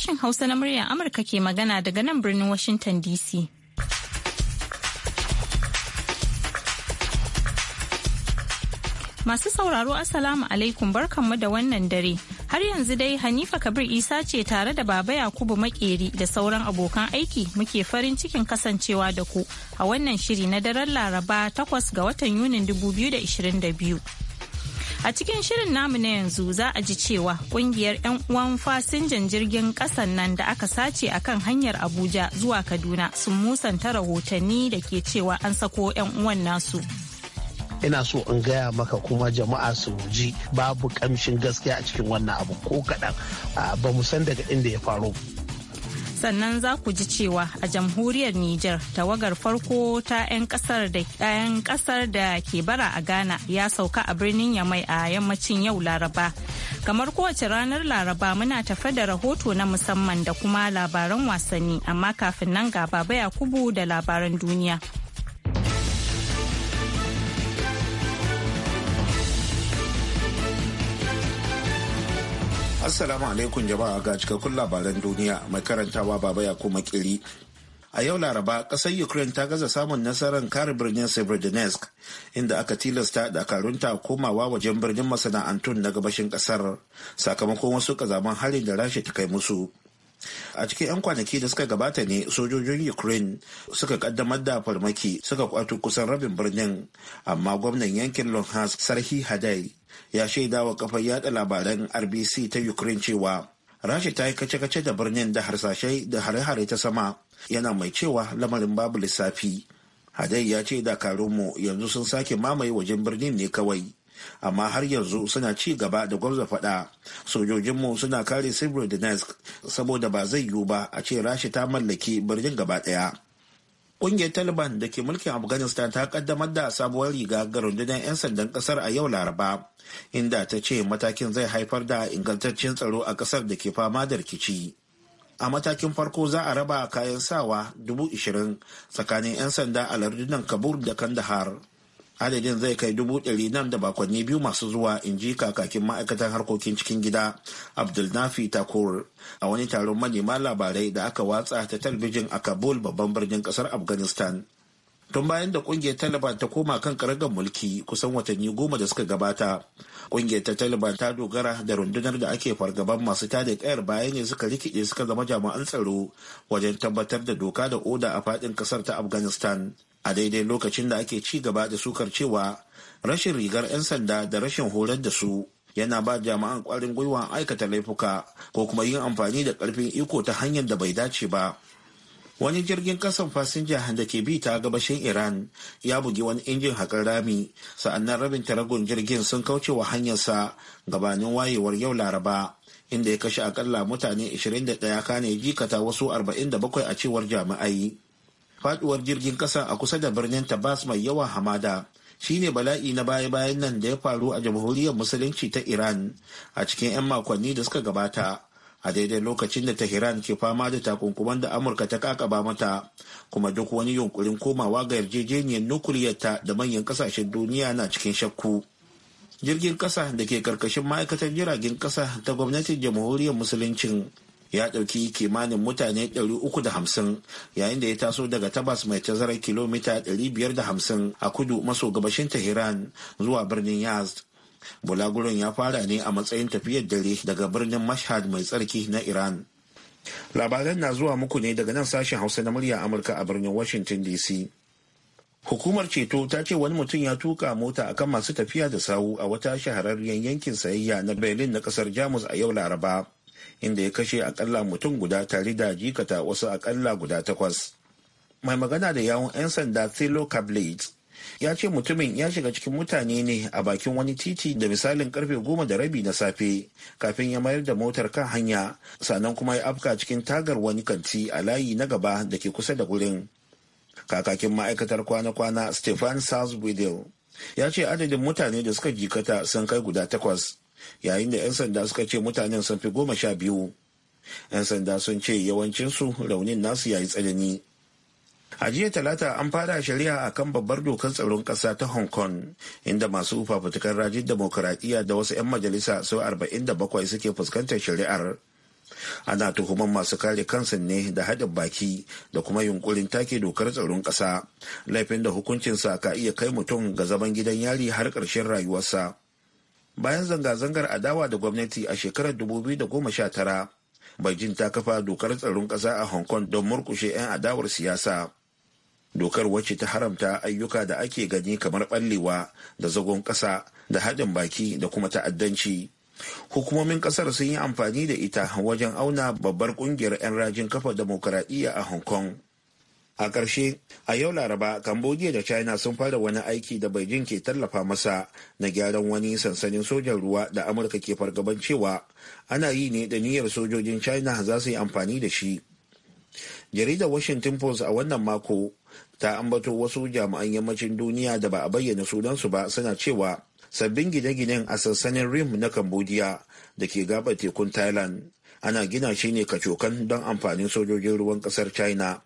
sashen Hausa na muryar Amurka ke magana daga nan birnin Washington DC. Masu sauraro Assalamu alaikum barkanmu da wannan dare. Har yanzu dai Hanifa Kabir Isa ce tare da Baba Yakubu Makeri da sauran abokan aiki muke farin cikin kasancewa da ku a wannan shiri na daren Laraba 8 ga watan Yunin 2022. A cikin shirin namu na yanzu za a ji cewa kungiyar 'yan uwan fasinjan jirgin kasan nan da aka sace a kan hanyar Abuja zuwa Kaduna sun musanta rahotanni da ke cewa an sako 'yan uwan nasu. ina so in gaya maka kuma jama'a su ji babu kamshin gaskiya a cikin wannan abu ko kaɗan ba mu san daga inda ya faru sannan za ku ji cewa a jamhuriyar Nijar tawagar farko ta 'yan kasar da da ke bara a Ghana ya sauka a birnin Yamai a yammacin yau Laraba. Kamar kowace ranar Laraba muna tafe da rahoto na musamman da kuma labaran wasanni amma kafin nan ga baba Yakubu da labaran duniya. Assalamu alaikum jama'a ga cikakkun labaran duniya mai karantawa baba ya kuma kiri. A yau Laraba, ƙasar Ukraine ta gaza samun nasarar kare birnin Severodonetsk, inda aka tilasta dakarunta komawa wajen birnin masana'antun na gabashin ƙasar sakamakon wasu ƙazaman harin da rasha ta kai musu. a cikin 'yan kwanaki da suka gabata ne sojojin ukraine suka kaddamar da farmaki suka kwato kusan rabin birnin amma gwamnan yankin luhansk sarhi hadai ya shaidawa kafar yada labaran rbc ta ukraine cewa rasha ta yi kace-kace da birnin da harsashai da hare-hare ta sama yana mai cewa lamarin babu lissafi hadai ya ce dakarunmu yanzu sun sake mamaye wajen birnin ne kawai amma har yanzu suna ci gaba da gwamza faɗa sojojinmu suna kare da saboda ba zai yiwu ba a ce rasha ta mallake birnin gaba ɗaya Ƙungiyar Taliban da ke mulkin Afghanistan ta kaddamar da sabuwar riga ga rundunar 'yan sandan ƙasar a yau Laraba, inda ta ce matakin zai haifar da ingantaccen tsaro a kasar da ke fama da rikici. a matakin farko za a raba kayan sawa dubu tsakanin 'yan sanda a lardunan kabul da kandahar adadin zai kai dubu ɗari nan da bakonni biyu masu zuwa in ji kakakin ma'aikatan harkokin cikin gida abdulnafi takur a wani taron manema labarai da aka watsa ta talbijin a kabul babban birnin kasar afghanistan tun bayan da kungiyar taliban ta koma kan karagar mulki kusan watanni goma da suka gabata kungiyar ta taliban ta dogara da rundunar da ake fargaban masu tada kayar bayan ne suka rikide suka zama jami'an tsaro wajen tabbatar da doka da oda a fadin kasar ta afghanistan a daidai lokacin da ake ci gaba da sukar cewa rashin rigar 'yan sanda da rashin horar da su yana ba jama'an kwarin gwiwa aikata laifuka ko kuma yin amfani da karfin iko ta hanyar da bai dace ba wani jirgin kasan fasinja da ke bi ta gabashin iran ya bugi wani injin haƙar rami sa'annan rabin taragon jirgin sun kauce wa hanyarsa gabanin wayewar yau laraba inda ya kashe akalla mutane 21 kane jikata wasu 47 a cewar jami'ai faduwar jirgin kasa a kusa da birnin tabas mai yawa hamada shine bala'i na baya-bayan nan da ya faru a jamhuriyar musulunci ta iran a cikin 'yan makonni da suka gabata a daidai lokacin da tehran ke fama da takunkuman da amurka ta kakaba mata kuma duk wani yunkurin komawa ga yarjejeniyar nukuliyar ta da manyan kasashen duniya na cikin shakku jirgin kasa da ke karkashin ma'aikatar jiragen kasa ta gwamnatin jamhuriyar musuluncin ya ɗauki kimanin mutane 350 yayin da ya taso daga tabas mai tazarar kilomita 550 a kudu maso gabashin tehran zuwa birnin yazd bulaguron ya fara ne a matsayin tafiyar dare daga birnin mashhad mai tsarki na iran labaran na zuwa muku ne daga nan sashen hausa na murya amurka a birnin washington dc Hukumar ceto ta ce wani mutum ya tuka mota akan masu tafiya da sawu a wata shahararriyar yankin sayayya na Berlin na kasar Jamus a yau Laraba. inda ya kashe akalla mutum guda tare da jikata wasu akalla guda takwas mai magana da yawon 'yan sanda thilo cablet ya ce mutumin ya shiga cikin mutane ne a bakin wani titi da misalin karfe goma da rabi na safe kafin ya mayar da motar kan hanya sannan kuma ya afka cikin tagar wani kanti a layi na gaba da ke kusa da wurin kakakin ma'aikatar kwana-kwana stefan Salzwedel ya ce adadin mutane da suka jikata sun kai guda takwas yayin da 'yan sanda suka ce mutanen sun fi goma sha biyu 'yan sanda sun ce yawancinsu raunin nasu yayi tsanani a jiya talata an fara shari'a a kan babbar dokar tsaron ƙasa ta hong kong inda masu fafutukar rajin demokuraɗiyya da wasu 'yan majalisa sau arba'in da bakwai suke fuskantar shari'ar ana tuhumar masu kare kansu ne da haɗin baki da kuma yunkurin take dokar tsaron ƙasa laifin da hukuncinsa ka iya kai mutum ga zaman gidan yari har ƙarshen rayuwarsa bayan zanga-zangar adawa da gwamnati a shekarar 2019 beijing ta kafa dokar tsaron ƙasa a hong kong don murkushe 'yan adawar siyasa dokar wacce ta haramta ayyuka da ake gani kamar ɓallewa da zagon ƙasa da haɗin baki da kuma ta'addanci hukumomin ƙasar sun yi amfani da ita wajen auna babbar ƙungiyar 'yan rajin kafa demokuraɗiyya a hong kong a ƙarshe a yau laraba cambodia da china sun fara wani aiki da beijing ke tallafa masa na gyaran wani sansanin sojan ruwa da amurka ke fargaban cewa ana yi ne da niyyar sojojin china za su yi amfani da shi jaridar washington post a wannan mako ta ambato wasu jami'an yammacin duniya da ba a bayyana sunansu ba suna cewa sabbin gine-ginen a sansanin rim na cambodia da ke gabar tekun thailand ana gina shi ne kacokan don amfanin sojojin ruwan kasar china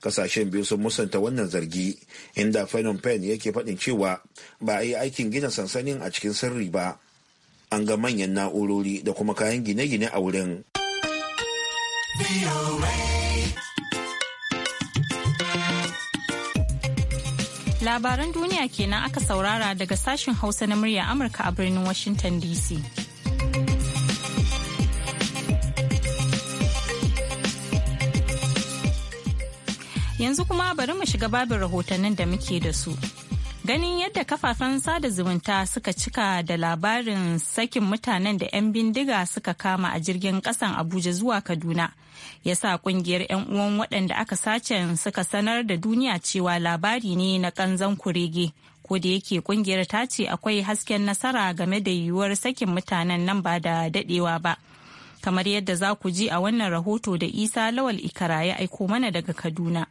kasashen biyu sun musanta wannan zargi inda phnom pen yake faɗin cewa ba a yi aikin gina sansanin a cikin sirri ba an ga manyan na'urori da kuma kayan gine-gine a wurin labaran duniya kenan aka saurara daga sashen hausa na murya amurka a birnin washington dc Yanzu kuma bari mu shiga babin rahotannin da muke da su. Ganin yadda kafafen sada zumunta suka cika da labarin sakin mutanen da 'yan bindiga suka kama a jirgin kasan Abuja zuwa Kaduna, ya sa kungiyar 'yan uwan waɗanda aka sace suka sanar da duniya cewa labari ne na kanzan kurege. ko da yake kungiyar ta ce akwai hasken nasara game da yiwuwar sakin mutanen nan ba da dadewa ba kamar yadda za ku ji a wannan rahoto da isa lawal ikara ya aiko mana daga kaduna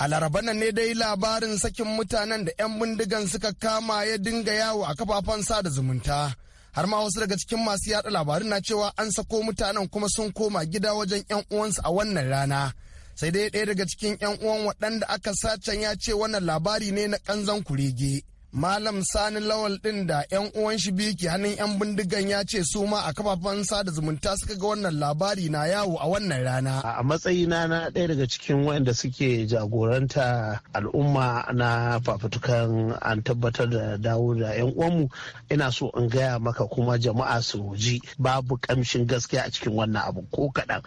A laraba nan ne dai labarin sakin mutanen da 'yan bindigan suka kama ya dinga yawo a kafafen sada zumunta. Har ma wasu daga cikin masu yada labarin na cewa an sako mutanen kuma sun koma gida wajen 'yan uwansu a wannan rana. Sai dai ɗaya daga cikin 'yan uwan waɗanda aka sace ya ce wannan labari ne na ƙanzan kurege. malam sani lawal din da yan uwan shi biyu ke hannun yan bindigan ya ce su ma a kafafen sada zumunta suka ga wannan labari na yawo a wannan rana a matsayina na ɗaya daga cikin wanda suke jagoranta al'umma na fafutukan an tabbatar da dawo da yan uwanmu ina so in gaya maka kuma jama'a su ji babu kamshin gaskiya a cikin wannan abu ko kaɗan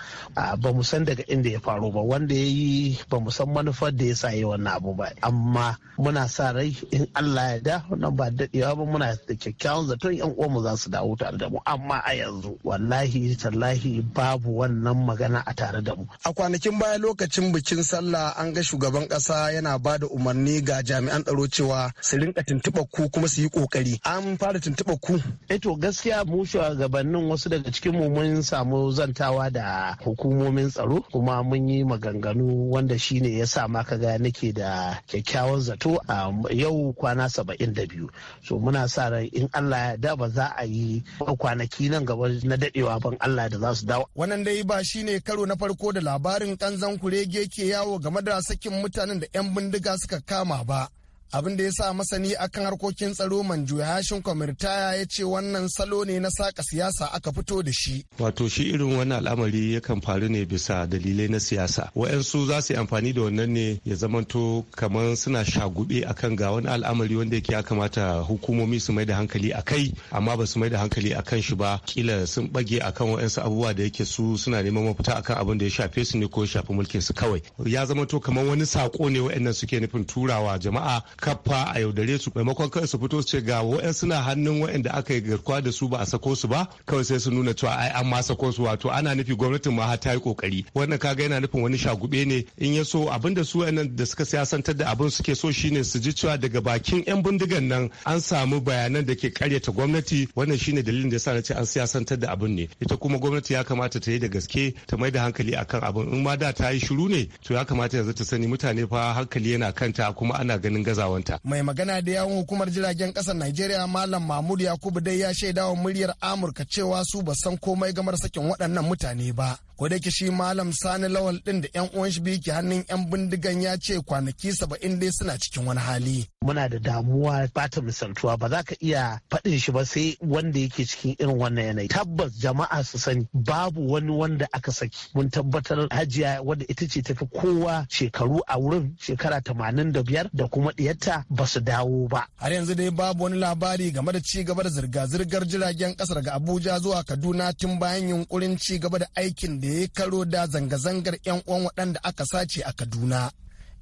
ba mu san daga inda ya faru ba wanda ya yi ba mu san manufar da ya sa yi wannan abu ba amma muna sa rai in Allah ya yarda nan ba daɗewa ba muna da kyakkyawan zaton yan uwa mu za su dawo tare da mu amma a yanzu wallahi tallahi babu wannan magana a tare da mu. A kwanakin baya lokacin bikin sallah an ga shugaban ƙasa yana ba da umarni ga jami'an tsaro cewa su rinka tuntuɓa ku kuma su yi ƙoƙari. An fara tuntuɓa ku. E to gaskiya mu shugabannin wasu daga cikin mu mun samu zantawa da hukumomin tsaro kuma mun yi maganganu wanda shine ya sa ma kaga nake da kyakkyawan zato a yau kwana saba'in da biyu so muna sa ran in allah ya da ba za a yi kwanaki nan gaba na dadewa ban allah da za su dawo wannan dai ba shine karo na farko da labarin kanzan kurege ke yawo game da sakin mutanen da 'yan bindiga suka kama ba abin da ya sa masani akan harkokin tsaro manjo yashin kwamirtaya ya ce wannan salo ne na saka siyasa aka fito da shi wato shi irin wannan al'amari yakan faru ne bisa dalilai na siyasa wa'yansu za su yi amfani da wannan ne ya zamanto kamar suna shagube akan ga wani al'amari wanda yake ya kamata hukumomi su mai da hankali a kai amma ba su mai da hankali a kan shi ba kila sun bage akan wa'yansu abubuwa da yake su suna neman mafita akan abin da ya shafe su ne ko shafi mulkin su kawai ya zamanto kamar wani sako ne wa'annan suke nufin turawa jama'a kafa a yaudare su maimakon kawai su fito su ce ga wa'yan suna hannun wa'yanda aka yi garkuwa da su ba a sako su ba kawai sai su nuna cewa ai an ma sako su wato ana nufi gwamnatin ma ta yi kokari wannan kaga yana nufin wani shagube ne in ya so abin da su da suka siyasantar da abin suke so shine su ji cewa daga bakin 'yan bindigan nan an samu bayanan da ke karyata gwamnati wannan shine dalilin da yasa na ce an siyasantar da abin ne ita kuma gwamnati ya kamata ta yi da gaske ta mai da hankali akan abin in ma da ta yi shiru ne to ya kamata yanzu ta sani mutane fa hankali yana kanta kuma ana ganin gazawa Mai magana da yawon hukumar jiragen ƙasar Najeriya Malam Mahmud Yakubu dai ya shaidawa muryar Amurka cewa su ba san komai gamar sakin waɗannan mutane ba. kodayake shi malam sani lawal din da yan uwan shi biyu ke hannun yan bindigan ya ce kwanaki saba'in dai suna cikin wani hali. muna da damuwa ba ta misaltuwa ba za ka iya faɗin shi ba sai wanda yake cikin irin wannan yanayi tabbas jama'a su sani babu wani wanda aka saki mun tabbatar hajiya wanda ita ce tafi kowa shekaru a wurin shekara tamanin da biyar da kuma ɗiyar ta ba su dawo ba. Har yanzu dai babu wani labari game da ci da zirga-zirgar jiragen kasa daga Abuja zuwa Kaduna tun bayan yunkurin ci gaba da aikin da ya karo da zanga-zangar 'yan uwan waɗanda aka sace a Kaduna.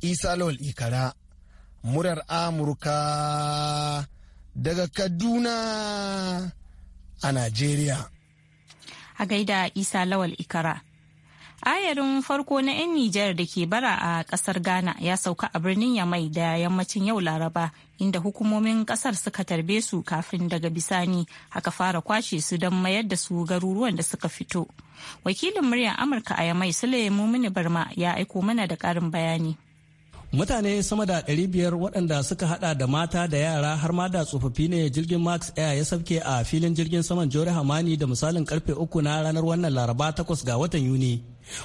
Isa Lawal Ikara, murar Amurka daga Kaduna a Najeriya. A gaida Isa Lawal Ikara. ayarin farko na 'yan nijar da ke bara a kasar ghana ya sauka a birnin yamai da yammacin yau laraba inda hukumomin kasar suka tarbe su kafin daga bisani aka fara kwashe su don mayar da su garuruwan da suka fito wakilin muryar amurka a yamai sule mumini barma ya aiko mana da karin bayani mutane sama da 500 waɗanda suka hada da mata da yara har ma da tsofaffi ne jirgin max air ya sabke a filin jirgin saman jore hamani da misalin karfe uku na ranar wannan laraba 8 ga watan yuni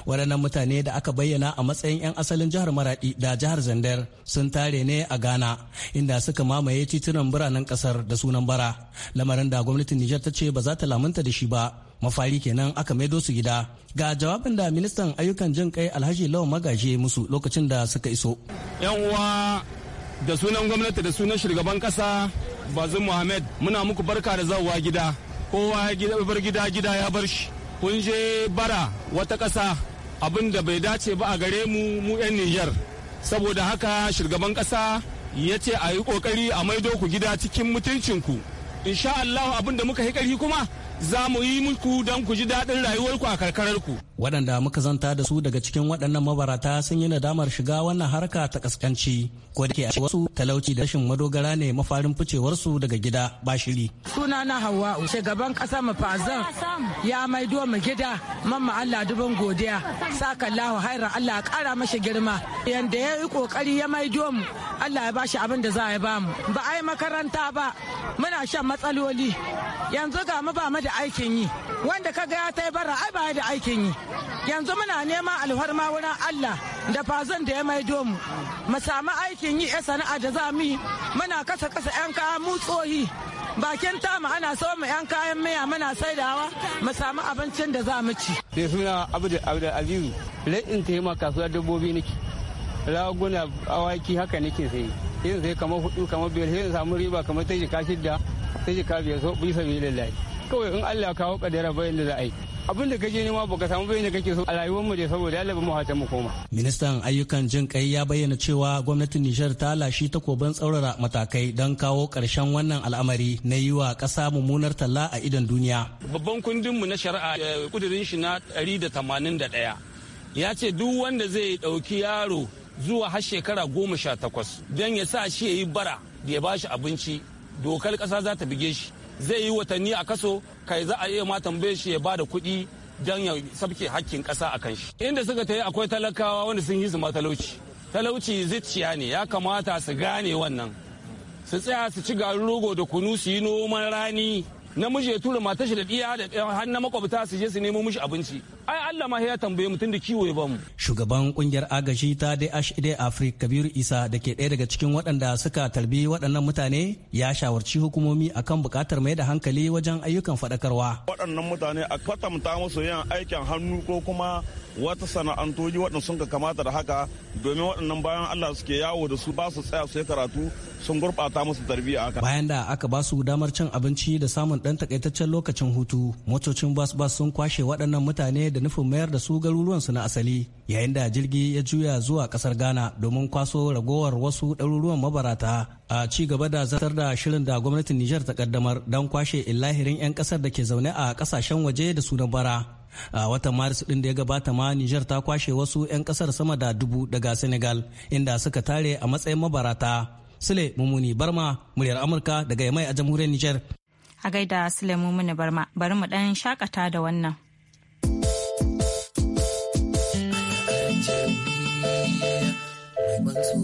waɗannan mutane da aka bayyana a matsayin 'yan asalin jihar maradi da jihar zandar sun tare ne a ghana inda suka mamaye titunan biranen kasar da sunan bara lamarin da gwamnatin nijar ta ce ba za ta lamunta da shi ba mafari kenan aka maido su gida ga jawabin da ministan ayyukan jin kai alhaji lawan magaje musu lokacin da suka iso yan uwa da sunan gwamnati da sunan shugaban kasa bazin muhammad muna muku barka da zawa gida kowa ya bar gida gida ya bar shi kun je bara wata ƙasa abin da bai dace ba a gare mu mu 'yan Nijar. Saboda haka shugaban ƙasa ya ce a yi ƙoƙari a maido ku gida cikin mutuncinku. Insha Allah abin da muka yi ƙarfi kuma za mu yi muku don ku ji daɗin rayuwarku a karkararku. Waɗanda muka zanta da su daga cikin waɗannan mabarata sun yi nadamar shiga wannan harka ta kaskanci ko da ke wasu talauci da rashin madogara ne mafarin ficewarsu daga gida ba shiri. Suna na Hawwa shugaban ƙasa Fazan ya maido mu gida mamma Allah duban godiya saka Allahu hairan Allah ƙara mashi girma yanda ya yi ƙoƙari ya maido mu Allah ya bashi abin da za a ba mu ba a yi makaranta ba muna shan matsaloli yanzu ga mu ba mu da aikin yi wanda ka ga ya yi bara ai ba da aikin yi yanzu muna neman alfarma wurin Allah da fazan da ya maido mu mu samu aikin yi 'yan eh, sana'a da za mu yi muna kasa kasa 'yan kayan tsohi bakin mu ana so mu yan kayan miya muna saidawa mu samu abincin da za mu ci. Sai suna Abdul Abdul Aliyu, yi ma kasuwar dabbobi nake. Raguna awaki haka nake sai. Yin sai kamar hudu kamar biyar sai samu riba kamar ta kashi shidda sai so bi sabi kawai in Allah kawo kadara bayan da za a yi abin da kaje nema baka samu bayan da kake so a rayuwar mu dai saboda Allah mu hata mu koma ministan ayyukan jin kai ya bayyana cewa gwamnatin Nijar ta lashi takobin tsaurara matakai don kawo karshen wannan al'amari na yi wa ƙasa mummunar talla a idan duniya babban kundin mu na shari'a kudirin eh, shi na 181 ya ce duk wanda zai dauki yaro zuwa har shekara goma sha takwas don ya sa shi ya yi bara da ya ba shi abinci dokar kasa za ta bige shi zai yi watanni a kaso kai za a iya ma tambaye shi ya ba da kuɗi don ya sabke hakkin kasa a kan shi inda suka ta yi akwai talakawa wanda sun yi su talauci talauci zuciya ne ya kamata su gane wannan su tsaya su ci garin rogo da kunu su yi noman rani namiji ya tura mata shi da ɗiya da har na makwabta su je su nemo mishi abinci ai Allah ma ya tambaye mu tunda kiwo ya bamu shugaban kungiyar agashi ta DHD Africa Kabiru Isa da ke ɗaya daga cikin waɗanda suka tarbi waɗannan mutane ya shawarci hukumomi akan buƙatar mai da hankali wajen ayyukan faɗakarwa waɗannan mutane a kwatanta musu yin aikin hannu ko kuma wata sana'antoji waɗanda sun ka kamata da haka domin waɗannan bayan Allah suke yawo da su ba su tsaya su karatu sun gurɓata musu tarbiyya haka bayan da aka ba su damar cin abinci da samun ɗan takaitaccen lokacin hutu motocin bas bas sun kwashe waɗannan mutane da nufin mayar da su garuruwansu na asali yayin da jirgi ya juya zuwa kasar ghana domin kwaso ragowar wasu ɗaruruwan mabarata a ci gaba da zartar da shirin da gwamnatin nijar ta kaddamar don kwashe illahirin 'yan kasar da ke zaune a kasashen waje da sunan bara a watan maris din da ya gabata ma Nijar ta kwashe wasu 'yan kasar sama da dubu daga Senegal inda suka tare a matsayin mabarata. Sule Mumuni Barma muryar Amurka daga Yamai a jamhuriyar Nijar. A gaida Sule Mumuni Barma bari mu dan shakata da wannan. mansur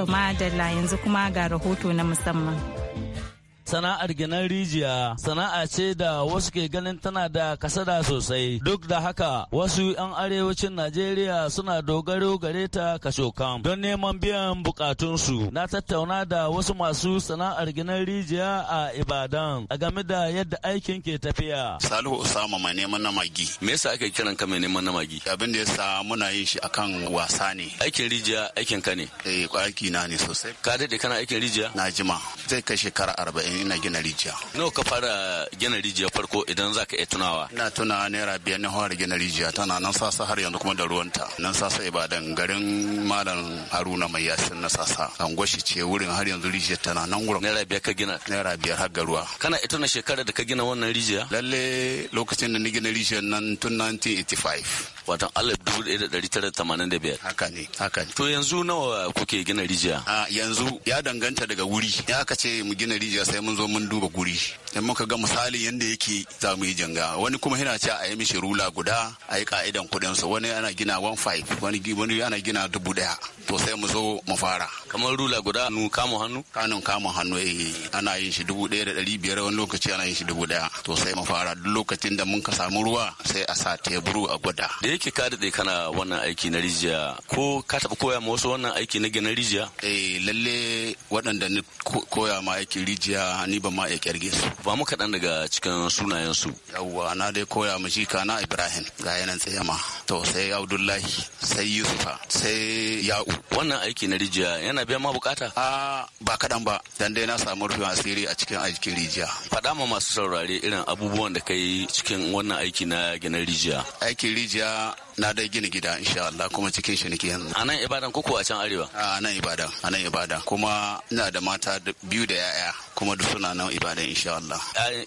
To da yanzu kuma ga rahoto na musamman. sana'ar ginin rijiya sana'a ce da wasu ke ganin tana da kasada sosai duk da haka wasu 'yan arewacin najeriya suna dogaro gare ta kam don neman biyan bukatunsu na tattauna da wasu masu sana'ar ginin rijiya a ibadan a game da yadda aikin ke tafiya salihu usama mai neman na magi me yasa ake kiran ka mai neman na magi abin da yasa muna yin shi akan wasa ne aikin rijiya aikin ka ne eh aiki na ne sosai ka dade kana aikin rijiya na jima zai kai shekara arba'in ina gina rijiya. N'o ka fara gina rijiya farko idan za ka iya tunawa? Ina tuna naira biyar na fara gina rijiya tana nan sasa har yanzu kuma da ruwanta. Nan sasa Ibadan garin Malam Haruna mai yasin na sasa. gwashi ce wurin har yanzu rijiya tana nan wurin. Naira biyar ka gina? Naira biyar har ga ruwa. Kana ita na shekarar da ka gina wannan rijiya? Lalle lokacin da ni gina rijiyar nan tun 1985. watan alif dubu ɗaya da ɗari tara da tamanin da biyar. Haka ne, haka ne. To yanzu nawa kuke gina rijiya? A yanzu ya danganta daga wuri. Ya aka ce mu gina rijiya sai mun zo mun duba guri. in muka ga misali yadda yake za mu yi janga wani kuma yana ce a yi mishi rula guda a yi ka'idan kuɗin sa wani ana gina 15 wani wani ana gina dubu daya to sai mu zo mu fara kamar rula guda nu kamun hannu kanun kamun hannu eh ana yin shi dubu daya da ɗari biyar wani lokaci ana yin shi dubu daya to sai mu fara duk lokacin da mun ka samu ruwa sai a sa teburu a gwada da yake ka daɗe kana wannan aiki na rijiya ko ka taɓa koya ma wasu wannan aiki na gina rijiya eh lalle waɗanda ni koya ma aikin rijiya ni ba ma iya kyarge su ba mu kaɗan daga cikin sunayensu. Yawwa na dai koya mu shi kana Ibrahim ga yanan tsayama to sai Abdullahi sai Yusufa sai Ya'u. Wannan aiki na rijiya yana biyan ma bukata? A ba kaɗan ba dan dai na samu rufin asiri a cikin aikin rijiya. Faɗa ma masu saurare irin abubuwan da kai cikin wannan aiki na gina rijiya. Aikin rijiya na dai gina gida insha Allah kuma cikin shi nake yanzu a nan ibadan kuku a can arewa a nan ibadan a nan ibadan kuma ina da mata biyu da yaya kuma duk suna nan ibadan insha Allah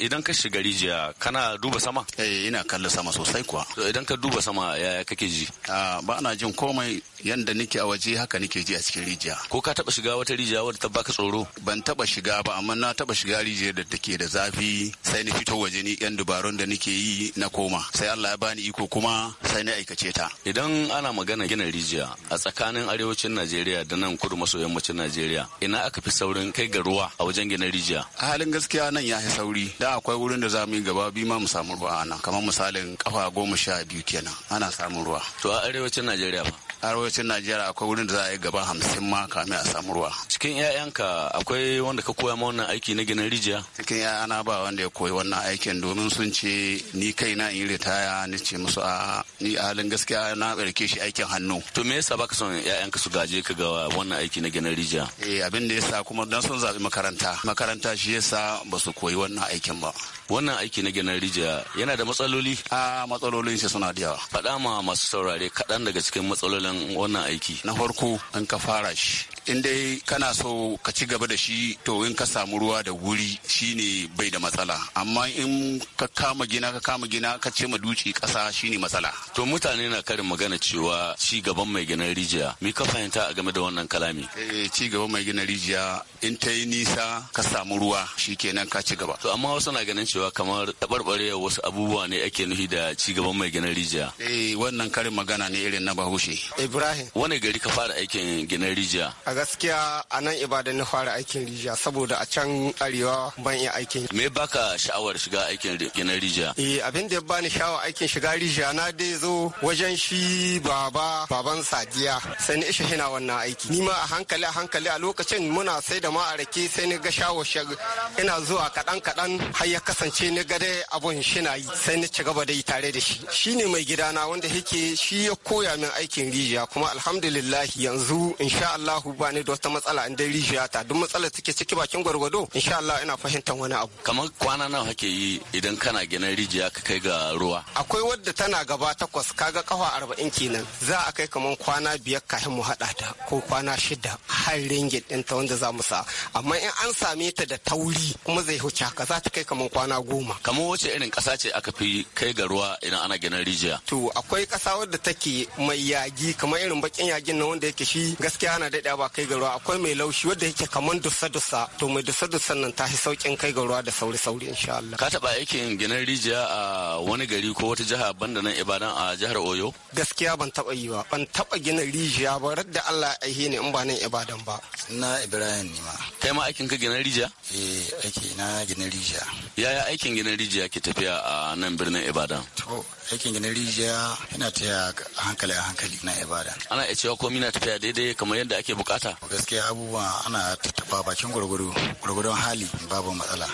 idan ka shiga rijiya kana duba sama eh ina kallon sama sosai kuwa to idan ka duba sama yaya kake ji a ba na jin komai yanda nake a waje haka nake ji a cikin rijiya ko ka taba shiga wata rijiya wadda ta baka tsoro ban taba shiga ba amma na taba shiga rijiyar da take da zafi sai ni fito waje ni yan dubarun da nake yi na koma sai Allah ya bani iko kuma sai na aikace ce ta idan ana magana gina rijiya a tsakanin arewacin najeriya da nan kudu maso yammacin najeriya ina aka fi saurin kai ga ruwa a wajen gina rijiya a halin gaskiya nan ya fi sauri da akwai wurin da za mu yi gaba bi ma mu samu ruwa a nan kamar misalin kafa goma sha biyu kenan ana samun ruwa to a arewacin najeriya fa arewacin najeriya akwai wurin da za a yi gaba hamsin ma kamin a samu ruwa cikin 'ya'yanka akwai wanda ka koya ma wannan aiki na ginin rijiya cikin 'ya'yana ba wanda ya koyi wannan aikin domin sun ce ni kaina in yi ritaya ni ce musu a ni a halin gaskiya na ɗauke shi aikin hannu to me yasa baka son 'ya'yanka su gaje ka ga wannan aiki na ginin rijiya eh abin da yasa kuma dan sun zaɓi makaranta makaranta shi yasa ba su koyi wannan aikin ba wannan aiki na ginin rijiya yana da matsaloli a ah, matsalolin shi suna da yawa faɗa ma masu saurare kaɗan daga cikin matsalolin wannan wannan aiki na farko an ka fara shi in dai kana so ka ci gaba da shi to in ka samu ruwa da wuri shine bai da matsala amma in ka kama gina ka kama gina ka ce ma duci kasa shine matsala to mutane na karin magana cewa ci gaban mai gina rijiya me ka fahimta a game da wannan kalami eh ci gaban mai gina rijiya in ta yi nisa ka samu ruwa shikenan ka ci gaba to amma wasu na ganin cewa kamar tabarbarewa wasu abubuwa ne ake nufi da ci gaban mai gina rijiya eh wannan karin magana ne irin na bahaushe Ibrahim. Wani gari ka fara aikin ginin rijiya? A gaskiya a nan Ibadan na fara aikin rijiya saboda a can arewa ban iya aikin. Me baka sha'awar shiga aikin ginin rijiya? Eh abin da ya bani sha'awar aikin shiga rijiya na dai zo wajen shi baba baban Sadiya sai ni ishe hina wannan aiki. Ni ma a hankali a hankali a lokacin muna sai da ma a rake sai ni ga shiga ina zuwa kaɗan kaɗan har ya kasance ni ga dai abun shina yi sai ni ci gaba da yi tare da shi. Shi ne mai gidana wanda yake shi ya koya min aikin rijiya. rijiya kuma alhamdulillah yanzu insha Allah ba ni da wata matsala in dai rijiya ta duk matsalar take ciki bakin gwargwado insha Allah ina fahimtar wani abu kamar kwana nawa kake yi idan kana gina rijiya ka kai ga ruwa akwai wadda tana gaba takwas kaga kafa arba'in kenan za a kai kamar kwana biyar kafin mu haɗa ta ko kwana shida har ringin ta wanda za mu sa amma in an same ta da tauri kuma zai huce ka za ta kai kamar kwana goma kamar wace irin kasa ce aka fi kai ga ruwa idan ana gina rijiya to akwai kasa wadda take mai yagi kamar irin bakin yagin na wanda yake shi gaskiya ana daɗa ba kai ga ruwa akwai mai laushi wanda yake kamar dusa dusa to mai dusa dusan nan ta fi saukin kai ga ruwa da sauri sauri insha Allah ka taba aikin ginar rijiya a wani gari ko wata jiha banda nan Ibadan a jihar Oyo gaskiya ban taba yi ba ban taba gina rijiya ba radda Allah ya aihe ni in ba nan Ibadan ba na Ibrahim ne ma kai ma aikin ka ginar rijiya eh aiki na ginar rijiya yaya aikin ginar rijiya ke tafiya a nan birnin Ibadan to aikin ginar rijiya yana ta hankali a hankali na ibada ana iya cewa komai na tafiya daidai kamar yadda ake bukata gaskiya abubuwa ana tattafa bakin gwargwaro gwargwaron hali babu matsala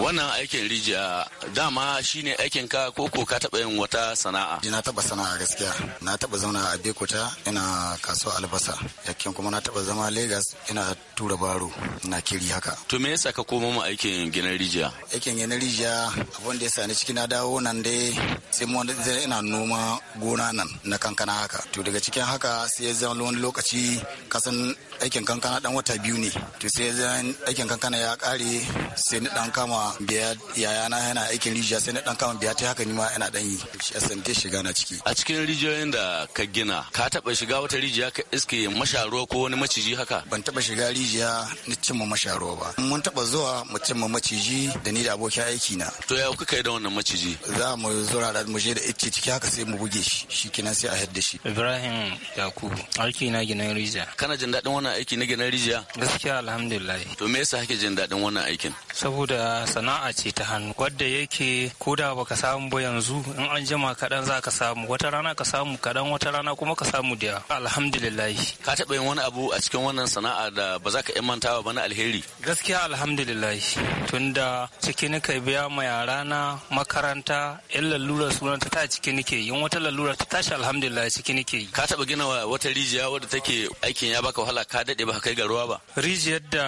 wannan aikin rijiya dama shine aikin ka ko ko ka taba yin wata sana'a na taba sana'a gaskiya na taba zauna a Bekuta ina kasuwa albasa yakin kuma na taba zama Lagos ina tura baro ina kiri haka to me yasa ka koma mu aikin ginin rijiya aikin ginin rijiya abun da yasa ni ciki na dawo nan dai sai mu wanda ina noma gona nan na kankana haka to daga cikin haka sai ya zama wani lokaci kasan aikin kankana dan wata biyu ne to sai zan aikin kankana ya kare sai ni dan kama biya yayana yana aikin rijiya sai ni dan kama biya ta haka ni ma ina dan yi SMT shiga na ciki a cikin rijiyoyin da ka gina ka taba shiga wata rijiya ka iske masharuwa ko wani maciji haka ban taba shiga rijiya ni cimma masharuwa ba mun taba zuwa mu cimma maciji da ni da abokin aiki na to ya kuka yi da wannan maciji za mu zura da mu je da icce ciki haka sai mu buge shi shikenan sai a hadda shi Ibrahim Yakubu aiki na gina rijiya kana jin dadin wannan aiki na gina rijiya? Gaskiya alhamdulillah. To me yasa kake jin daɗin wannan aikin? Saboda sana'a ce ta hannu wadda yake koda baka samu ba yanzu in an jima kaɗan za ka samu wata rana ka samu kaɗan wata rana kuma ka samu da alhamdulillah. Ka taɓa yin wani abu a cikin wannan sana'a da ba za ka imanta ba na alheri? Gaskiya alhamdulillah tunda ciki nika biya ma yara na makaranta in lalura sunan ta ta ciki nike yin wata lalura ta tashi alhamdulillah ciki nike. Ka taɓa gina wata rijiya wadda take aikin ya baka wahala ka daɗe ba kai ga ruwa ba rijiyar da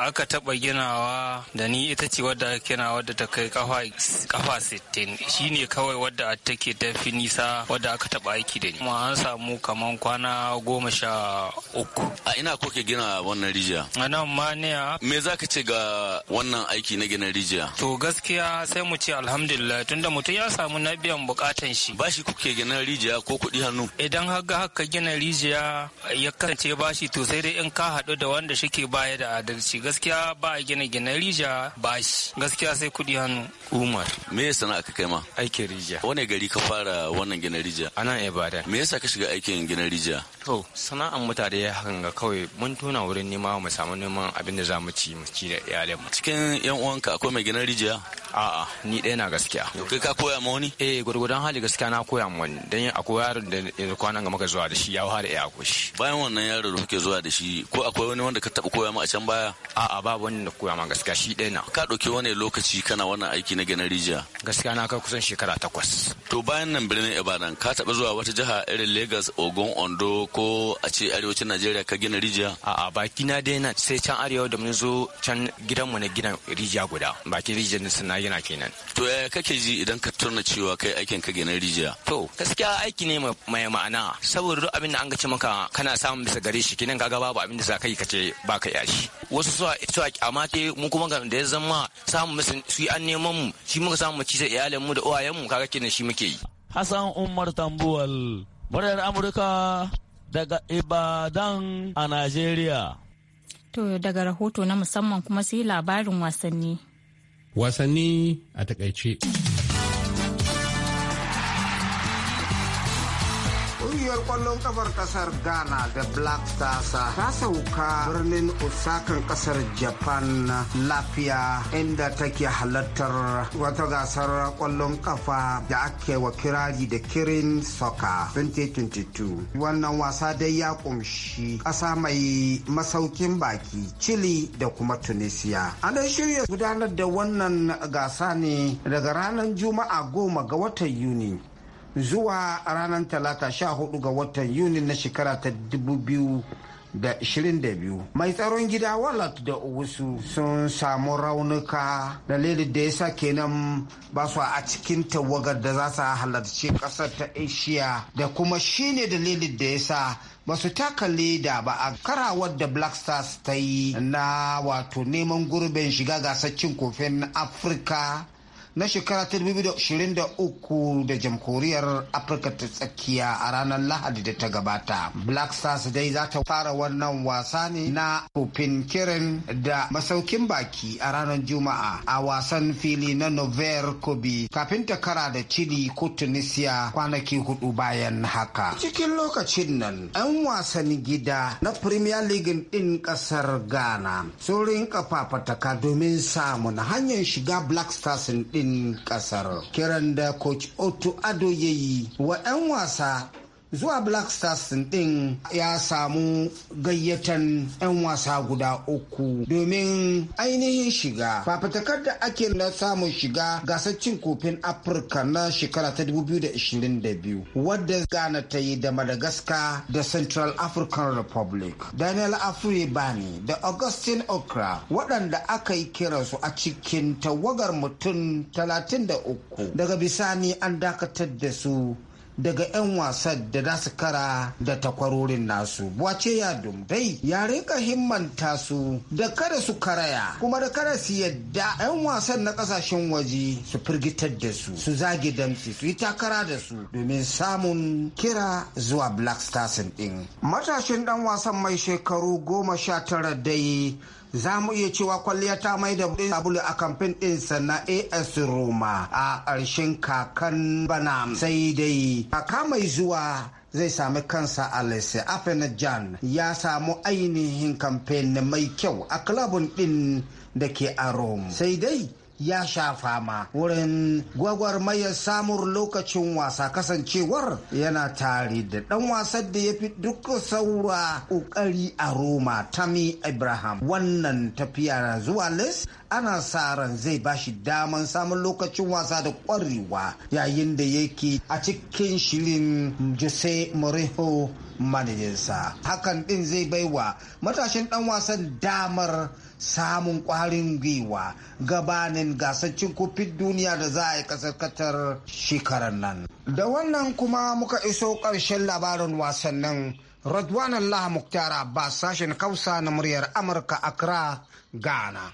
aka taɓa ginawa da ni ita ce wadda kina wadda ta kai kafa 60 shine kawai wadda a take tafi nisa wadda aka taɓa aiki da ni kuma an samu kaman kwana goma sha uku a ina ke gina wannan rijiya a nan ma ne me za ka ce ga wannan aiki na gina rijiya to gaskiya sai mu ce alhamdulillah tunda mutum ya samu na biyan bukatan shi bashi kuke gina rijiya ko kuɗi hannu idan haka haka gina rijiya ya kasance bashi to sai dai in ka haɗu da wanda shike baya da adalci gaskiya ba a gina gina rija ba shi gaskiya sai kudi hannu umar me ya sana'a aka kai ma aikin rija wani gari ka fara wannan gina rija ana ibada me yasa ka shiga aikin gina rija to sana'an mutane ya hakan ga kawai mun tona wurin nema mu samu neman abin da za mu ci mu ci da iyalanmu cikin yan uwanka akwai mai gina rija a'a ni ɗaya na gaskiya kai ka koya ma wani eh gurgudan hali gaskiya na koya ma wani dan akwai yaron da yanzu kwanan ga maka zuwa da shi ya fara iya ko shi bayan wannan yaron da kuke zuwa da shi ko akwai wani wanda ka taba koya ma a can baya a'a ba wani da koya ma gaskiya shi ɗaya na ka ɗauki wani lokaci kana wannan aiki na ganin rijiya gaskiya na kai kusan shekara takwas to bayan nan birnin ibadan ka taɓa zuwa wata jiha irin lagos ogun ondo ko a ce arewacin najeriya ka gina rijiya a'a baki na dai na sai can arewa da mun zo can gidanmu na gina rijiya guda baki rijiyar na yana kenan to ya kake ji idan ka turna cewa kai aikin ka gina rijiya to gaskiya aiki ne mai ma'ana saboda duk abin da an ga ce maka kana samun bisa gare shi kenan kaga babu abin da za ka yi ka ce ba ka yashi wasu suwa suwa amma te mu kuma da ya zama samu musu su yi an neman mu shi muka samu mu ci sai iyalan mu da uwayen mu kaga kenan shi muke yi Hassan Umar Tambuwal muryar Amurka daga Ibadan a Najeriya To daga rahoto na musamman kuma sai labarin wasanni wasanni a takaice kwallon kafar kasar ghana da black stars ta sauka birnin osakan kasar japan lafiya inda take halartar wata gasar kwallon kafa da ake wa kirari da kirin soka 2022 wannan wasa dai ya kumshi kasa mai masaukin baki chile da kuma tunisia an dai shirya gudanar da wannan gasa ne daga ranar juma'a goma ga watan yuni zuwa ranar talata sha hudu ga watan yuni na shekara ta dubu biyu da da biyu. mai tsaron gida walat da wasu sun samu raunuka dalilin da ya sa kenan ba su a cikin tawagar da za su halarci kasar ta asia da kuma shine dalilin da ya sa ba su taka leda ba a karawar da black stars ta yi na wato neman gurbin shiga gasar cin kofin afirka na shekara ta 2023 da jamhuriyar afirka ta tsakiya a ranar lahadi da ta gabata black stars dai za ta fara wannan wasa ne na kofin kirin da masaukin baki a ranar juma'a a wasan fili na nover kobi kafin ta kara da chile ko tunisia kwanaki hudu bayan haka cikin lokacin nan 'yan wasan gida na premier league din kasar ghana sun rinka fafataka domin samun hanyar shiga black stars din kasar kiran da coach otto ado ya yi wa 'yan wasa zuwa black stars din ya samu gayyatan 'yan wasa guda uku domin ainihin shiga fafatakar da ake na samun shiga gasar cin kofin afirka na shekara ta 2022 wadda gana ta yi da madagascar da central african republic daniel afri bani da augustine okra waɗanda aka yi kiransu a cikin tawagar mutum 33 daga bisani an dakatar da su daga 'yan wasan da za su kara da takwarorin nasu wace ya dumbai ya rinka himmanta su da kada su karaya kuma da kada su yadda 'yan wasan na kasashen waje su firgitar da su su zage damsi su yi takara da su domin samun kira zuwa black stars din matashin dan wasan mai shekaru goma sha tara dai za mu iya cewa kwalliya ta mai da buɗe sabulu a kamfen ɗinsa na as roma a ƙarshen kakan bana sai dai kaka mai zuwa zai sami kansa a lese afenajan ya samu ainihin kamfen mai kyau a kilabun ɗin da ke a rome sai dai ya sha fama wurin gwagwarmayar samun lokacin wasa kasancewar yana tare da ɗan wasan da ya fi duk saura ƙoƙari a Roma Tami Abraham. Wannan tafiya zuwa Les ana sa ran zai ba shi daman samun lokacin wasa da ƙwarewa yayin da yake a cikin shirin Jose Mourinho manajansa. Hakan ɗin zai baiwa matashin ɗan wasan damar samun kwarin gwiwa gabanin gasar cin duniya da za a yi kasar katar shekarar nan da wannan kuma muka iso ƙarshen labarin wasannin Radwan Allah Muktar Abbas sashen Kausa na muryar Amurka Accra, Ghana.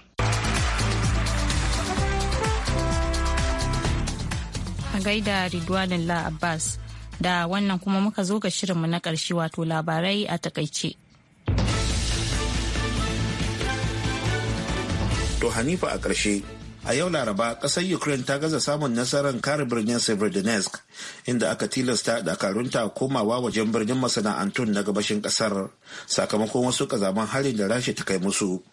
A gaida Ridwan Allah Abbas da wannan kuma muka zo ga shirinmu na ƙarshe wato labarai a takaice. To Hanifa a ƙarshe, a yau Laraba ƙasar Ukraine ta gaza samun nasarar kare birnin Severodonetsk inda aka tilasta dakarunta komawa wajen birnin masana'antu na gabashin ƙasar sakamakon wasu ƙazaman harin da rashi ta kai musu.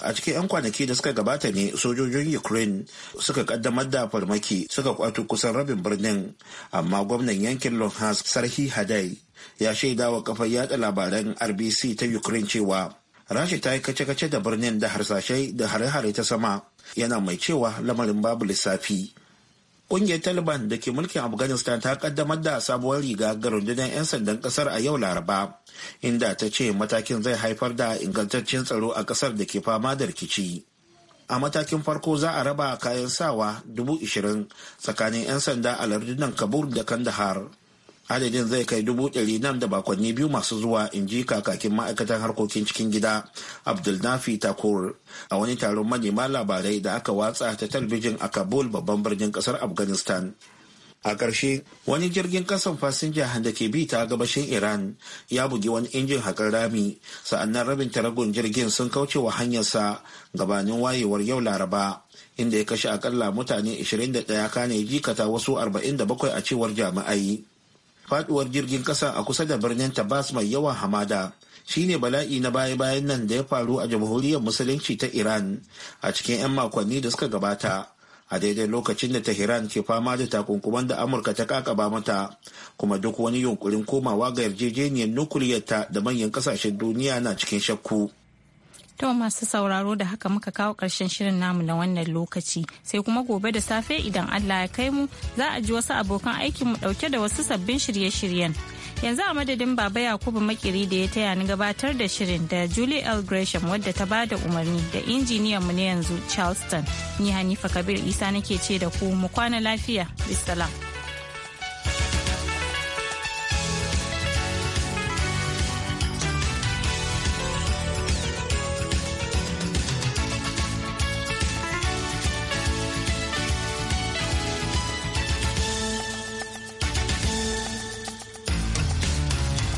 A cikin 'yan kwanaki da suka gabata ne sojojin Ukraine suka kaddamar da farmaki suka kwato kusan rabin birnin, amma gwamnan yankin Luhansk Sarhi Hadai ya shaidawa kafar yada labaran RBC ta Ukraine cewa rasha ta yi kace-kace da birnin da harsashai da hare-hare ta sama yana mai cewa lamarin babu lissafi ƙungiyar taliban da ke mulkin afghanistan ta kaddamar da sabuwar riga ga rundunar 'yan sandan ƙasar a yau laraba inda ta ce matakin zai haifar da ingantaccen tsaro a ƙasar da ke fama da rikici a matakin farko za a raba kayan sawa dubu tsakanin 'yan sanda a lardunan kabul da kandahar adadin zai kai dubu ɗari nan da bakonni biyu masu zuwa in ji kakakin ma'aikatan harkokin cikin gida abdulnafi takur a wani taron manema labarai da aka watsa ta talbijin a kabul babban birnin kasar afghanistan a ƙarshe wani jirgin kasan fasinja da ke bi ta gabashin iran ya bugi wani injin haƙar rami sa'annan rabin taragon jirgin sun kauce wa hanyarsa gabanin wayewar yau laraba inda ya kashe akalla mutane 21 kane jikata wasu 47 a cewar jami'ai faduwar jirgin kasa a kusa da birnin tabas mai yawan hamada shine bala'i na baya-bayan nan da ya faru a jamhuriyar musulunci ta iran a cikin 'yan makonni da suka gabata a daidai lokacin da tehran ke fama da takunkuman da amurka ta kakaba mata kuma duk wani yunkurin komawa ga yarjejeniyar nukuliyarta da manyan kasashen duniya na cikin shakku To masu sauraro da haka muka kawo ƙarshen shirin namu na wannan lokaci sai kuma gobe da safe idan Allah ya kai mu za a ji wasu abokan aikin mu ɗauke da wasu sabbin shirye-shiryen. Yanzu a madadin Baba Yakubu Makiri da ya taya ni gabatar da shirin da Julie L. Gresham wadda ta ba da umarni da injiniyan mu na yanzu Charleston. Ni Hanifa Kabir Isa nake ce da ku mu kwana lafiya. Bisalam.